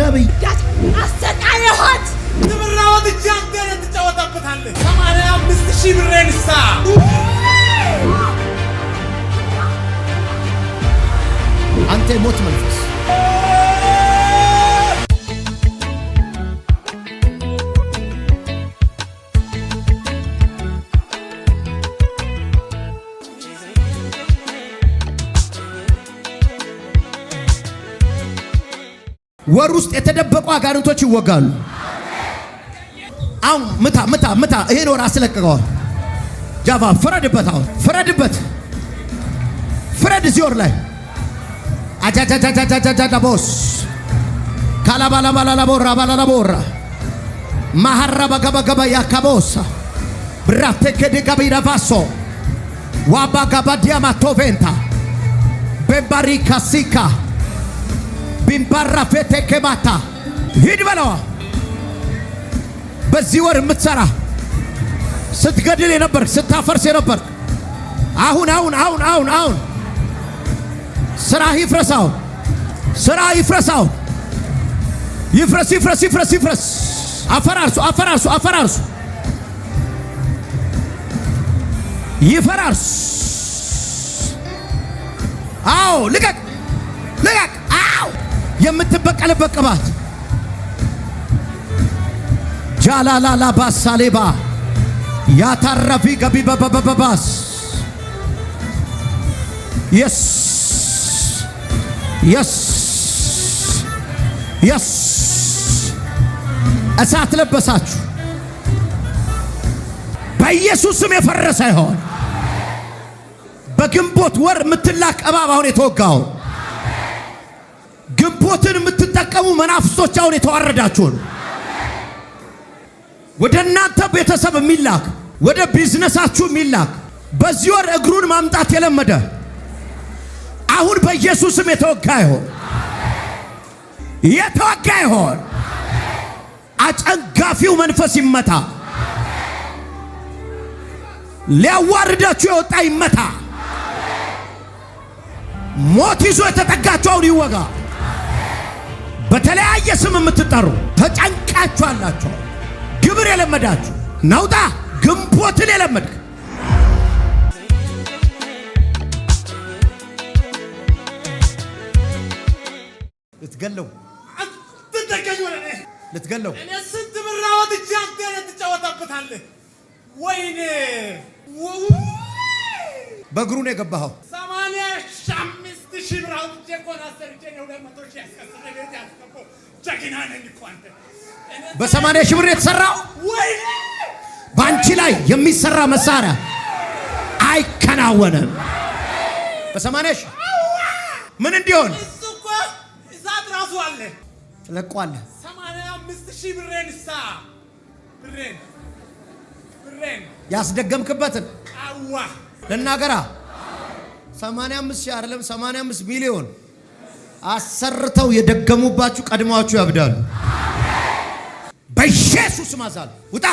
ነብያት አሰቃየኋት። ትምራወት እጃ ገነ ትጫወታበታለች። ሰማንያ አምስት ሺህ ብሬ ንሳ አንተ ሞት መንፈስ ወር ውስጥ የተደበቁ አጋንንቶች ይወጋሉ። አሁን ምታ ምታ ምታ፣ ይሄን ወር አስለቅቀዋል። ጃቫ ፍረድበት፣ አሁን ፍረድበት፣ ፍረድ እዚህ ወር ላይ አጃጃጃጃጃጃቦስ ካላባላባላቦራ ባላላቦራ ማሐራባጋባጋባ ያካቦሳ ብራቴኬዴጋቢዳቫሶ ዋባጋባዲያማቶቬንታ ቢምባራፌቴ ኬባታ ሂድ በለዋ። በዚህ ወር የምትሰራ ስትገድል የነበር ስታፈርስ የነበር አሁን አሁን አሁን አሁን አሁን ስራ ይፍረሳው፣ ስራ ይፍረሳው፣ ይፍረስ፣ ይፍረስ፣ ይፍረስ፣ ይፍረስ። አፈራርሱ፣ አፈራርሱ፣ አፈራርሱ፣ ይፈራርሱ። አዎ ልቀቅ፣ ልቀቅ የምትበቀልበት ቅባት ጃላላላ ባሳሌባ ያታረፊ ገቢ በበበበባስ እሳት ለበሳችሁ በኢየሱስም የፈረሰ ይሆን በግንቦት ወር የምትላክ እባብ አሁን የተወጋው ግንቦትን የምትጠቀሙ መናፍሶች አሁን የተዋረዳችሁ ነው። ወደ እናንተ ቤተሰብ የሚላክ ወደ ቢዝነሳችሁ የሚላክ በዚህ ወር እግሩን ማምጣት የለመደ አሁን በኢየሱስም የተወጋ ይሆን የተወጋ ይሆን። አጨንጋፊው መንፈስ ይመታ። ሊያዋርዳችሁ የወጣ ይመታ። ሞት ይዞ የተጠጋችሁ አሁን ይወጋ። በተለያየ ስም የምትጠሩ ተጨንቃችሁ አላችሁ። ግብር የለመዳችሁ ናውጣ ግንቦትን የለመድክ ልትገለው ልትገለው ስንት ብር አወጥቼ አንተ ልትጫወታበታለህ? ወይኔ በእግሩ ነው የገባኸው። ሺህ ብር አውጥቼ በሰማንያ ሺህ ብር የተሰራው በአንቺ ላይ የሚሰራ መሳሪያ አይከናወንም። በሰማንያ ሺህ ምን እንዲሆን እሳት ያስደገምክበትን ልናገራ 85 ሺህ አይደለም 85 ሚሊዮን አሰርተው የደገሙባችሁ ቀድማችሁ ያብዳሉ። በኢየሱስ ማዛል ውጣ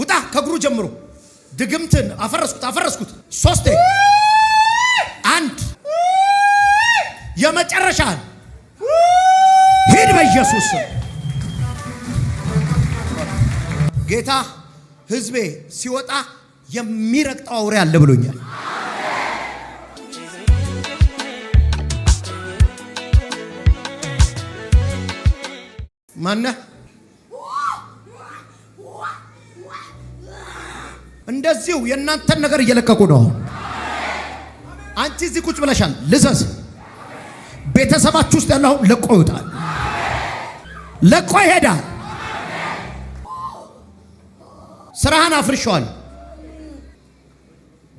ውጣ፣ ከእግሩ ጀምሮ ድግምትን አፈረስኩት አፈረስኩት። ሶስቴ አንድ የመጨረሻል። ሂድ በኢየሱስ ጌታ ህዝቤ ሲወጣ የሚረግጠው አውሬ አለ ብሎኛል። ማነህ? እንደዚሁ የእናንተን ነገር እየለቀቁ ነው። አንቺ እዚህ ቁጭ ብለሻል። ልዘዝ ቤተሰባችሁ ውስጥ ያለው አሁን ለቆ ይወጣል፣ ለቆ ይሄዳል። ስራህን አፍርሸዋል።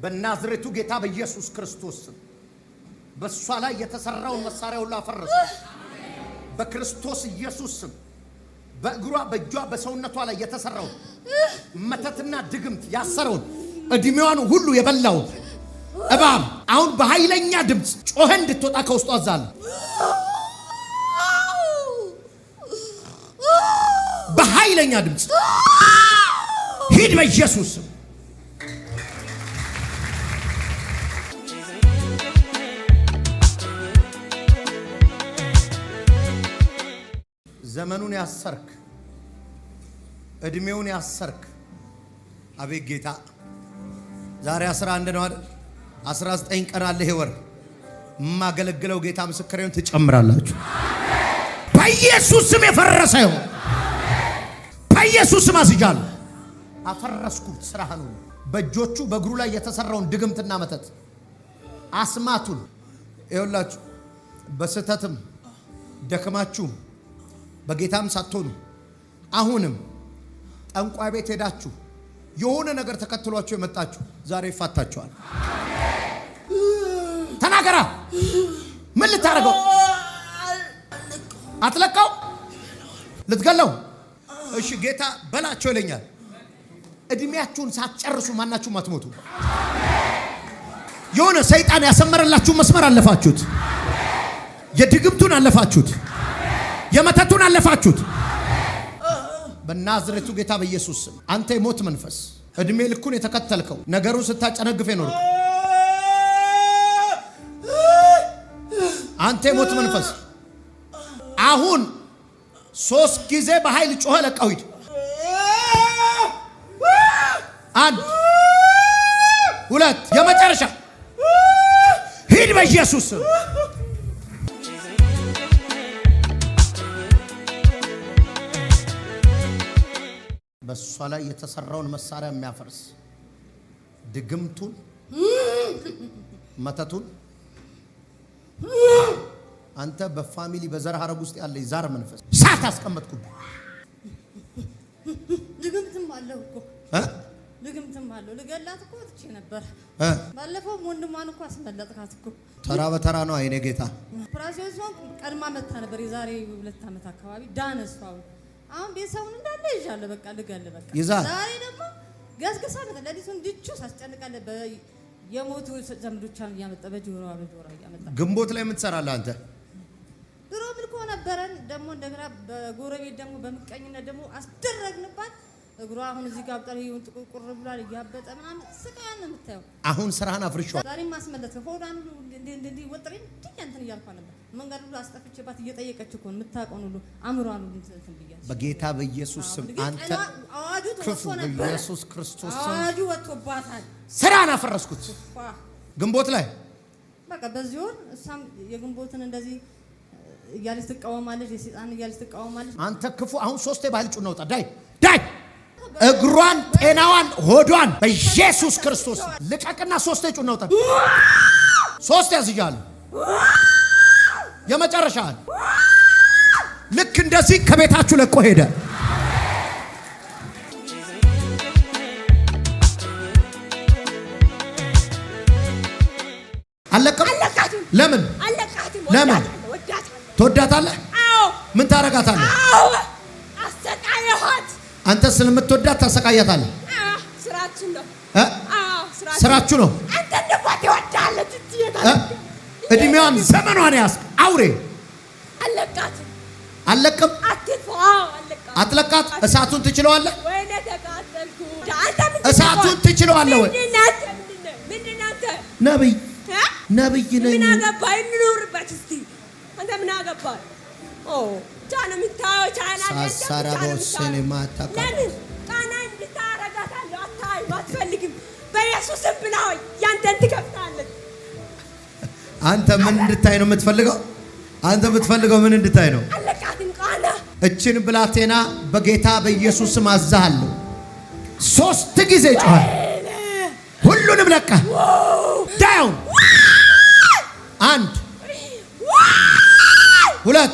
በናዝሬቱ ጌታ በኢየሱስ ክርስቶስ በእሷ ላይ የተሰራውን መሳሪያ ሁሉ አፈረሰ። በክርስቶስ ኢየሱስ ስም በእግሯ በእጇ በሰውነቷ ላይ የተሰራውን መተትና ድግምት ያሰረውን እድሜዋን ሁሉ የበላውን እባብ አሁን በኃይለኛ ድምፅ ጮኸ እንድትወጣ ከውስጡ አዛለሁ። በኃይለኛ ድምፅ ሂድ በኢየሱስ ዘመኑን ያሰርክ፣ እድሜውን ያሰርክ፣ አቤት ጌታ ዛሬ 11 ነው አይደል? 19 ቀን አለ ይሄ ወር። የማገለግለው ጌታ ምስክሬን ትጨምራላችሁ። በኢየሱስ ስም የፈረሰ ይሁን። በኢየሱስ ስም አስጃለሁ። አፈረስኩት ስራህን ሁሉ በእጆቹ በእግሩ ላይ የተሰራውን ድግምትና መተት አስማቱን ይኸውላችሁ በስህተትም ደክማችሁም በጌታም ሳትሆኑ አሁንም ጠንቋይ ቤት ሄዳችሁ የሆነ ነገር ተከትሏችሁ የመጣችሁ ዛሬ ይፋታችኋል። ተናገራ። ምን ልታደርገው? አትለቀው፣ ልትገለው። እሺ ጌታ በላቸው ይለኛል። እድሜያችሁን ሳትጨርሱ ማናችሁም አትሞቱ። የሆነ ሰይጣን ያሰመረላችሁ መስመር አለፋችሁት፣ የድግምቱን አለፋችሁት። የመተቱን አለፋችሁት በናዝሬቱ ጌታ በኢየሱስ ስም። አንተ የሞት መንፈስ እድሜ ልኩን የተከተልከው ነገሩን ስታጨነግፍ የኖርክ አንተ የሞት መንፈስ አሁን ሶስት ጊዜ በኃይል ጮኸ ለቀው ሂድ። አንድ ሁለት፣ የመጨረሻ ሂድ በኢየሱስ ስም በእሷ ላይ የተሰራውን መሳሪያ የሚያፈርስ ድግምቱን፣ መተቱን አንተ በፋሚሊ በዘር ሀረግ ውስጥ ያለ ዛር መንፈስ ሳት አስቀመጥኩብህ። ድግምትም አለው እኮ ድግምትም አለው። ልገላት እኮ ትቼ ነበር። ባለፈው ወንድሟን እኮ አስመለጥካት እኮ። ተራ በተራ ነው አይኔ ጌታ። ፕራሴሷን ቀድማ መታ ነበር የዛሬ ሁለት ዓመት አካባቢ ዳነሷ አሁን ቤተሰቡን እንዳለ ይዣለሁ። በቃ ልጋለ በቃ ይዛል። ዛሬ ደግሞ ገዝግሳ ነው ለሊቱን ድቹ ሳስጨንቃለህ። የሞቱ ዘመዶቿን እያመጣ በጆሮ በጆሮ እያመጣ ግንቦት ላይ የምትሰራለህ አንተ ድሮ ምልኮ ነበረን። ደግሞ እንደገና በጎረቤት ደግሞ በምቀኝነት ደግሞ አስደረግንባት እግሯ አሁን እዚህ ጋር ብጠር ይሁን ጥቁር ብሏል፣ እያበጠ ምናምን ስቃያን ነው የምታየው። አሁን ስራህን አፍርሻዋል። ዛሬ ማስመለስ ሆዳን ሁሉ እንዲህ ወጥሬ እንዲህ እንትን እያልኳ ነበር። መንገድ ሁሉ አስጠፍቼባት እየጠየቀች እኮ የምታውቀውን ሁሉ አእምሯን ሁሉ እንትን ብያለሁ። በጌታ በኢየሱስ ስም አንተ ክፉ በኢየሱስ ክርስቶስ አዋጁ ወጥቶባታል። ስራህን አፈረስኩት ግንቦት ላይ በቃ በዚህ ወር እሷም የግንቦትን እንደዚህ እያለች ትቃወማለች፣ የሴጣን እያለች ትቃወማለች። አንተ ክፉ አሁን ሶስቴ ባህል ጩና ውጣ ዳይ ዳይ እግሯን፣ ጤናዋን፣ ሆዷን በኢየሱስ ክርስቶስ ልቀቅና ሶስት ጩ ነውጠ ሶስት ያዝያሉ የመጨረሻል ልክ እንደዚህ ከቤታችሁ ለቆ ሄደ። ለምን ለምን ትወዳታለህ? ምን ታረጋታለህ? አንተ ስለምትወዳት ታሰቃያታለ። ስራችሁ ነው። እድሜዋን ዘመኗን ያስ አውሬ አለቅም አትለቃት። እሳቱን ትችለዋለህ። እሳቱን ትችለዋለህ ወይ? ነብይ ነብይ ነኝ። ምን አገባህ? እንኑርበት እስቲ። አንተ ምን አገባህ? ብቻ ነው የምታየው። ቻይና ሳራ በወሰን ማታቃ ለምን ቃና እንድታረጋታለሁ አታይም፣ አትፈልግም። በኢየሱስም ብላ ሆይ ያንተን ትከፍታለች። አንተ ምን እንድታይ ነው የምትፈልገው? አንተ የምትፈልገው ምን እንድታይ ነው? አለቃትን ቃና እችን ብላቴና በጌታ በኢየሱስም አዛሃለሁ። ሶስት ጊዜ ጮኋል። ሁሉንም ለቃ ዳውን አንድ ሁለት